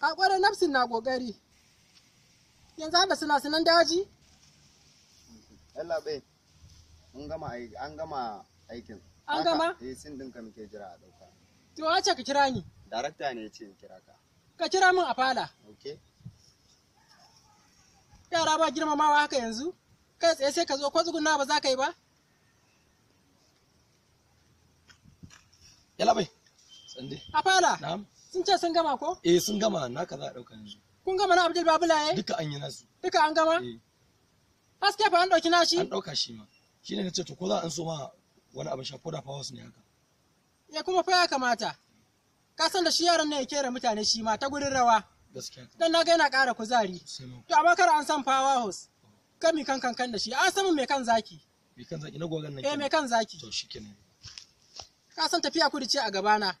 kakwaro nafsin na gogari yanzu haka suna sunan daji Allah bai an gama an gama aikin an gama eh sun dinka muke jira a dauka to wace ka kira ni darakta ne ya ce in kira ka ka kira min a fala okay yara ba girmamawa haka yanzu kai tsaye sai ka zo ko tsuguna ba za ka yi ba yalla bai Tsande. A fara? Na'am. Sun ce sun gama ko? Eh sun gama za a ɗauka yanzu. Kun gama na Abdul Babulaye? Eh? Duka an yi nasu. Duka an gama? Eh. Haske fa an ɗauki nashi? An ɗauka shi ma. Shi ne na ce to ko za an so ma wani abin da fawas ne haka. Ya kuma fa ya kamata. Ka san da shi yaron ne ya kera mutane shi ma ta gurin rawa. Gaskiya. Dan na ga yana ƙara kuzari. To amma kar an san fawa hos. Kami kan kan kan da shi. An samu mai kan zaki. Mai kan zaki na nan. Eh mai kan zaki. To Ka san tafiya kudu ce a gabana.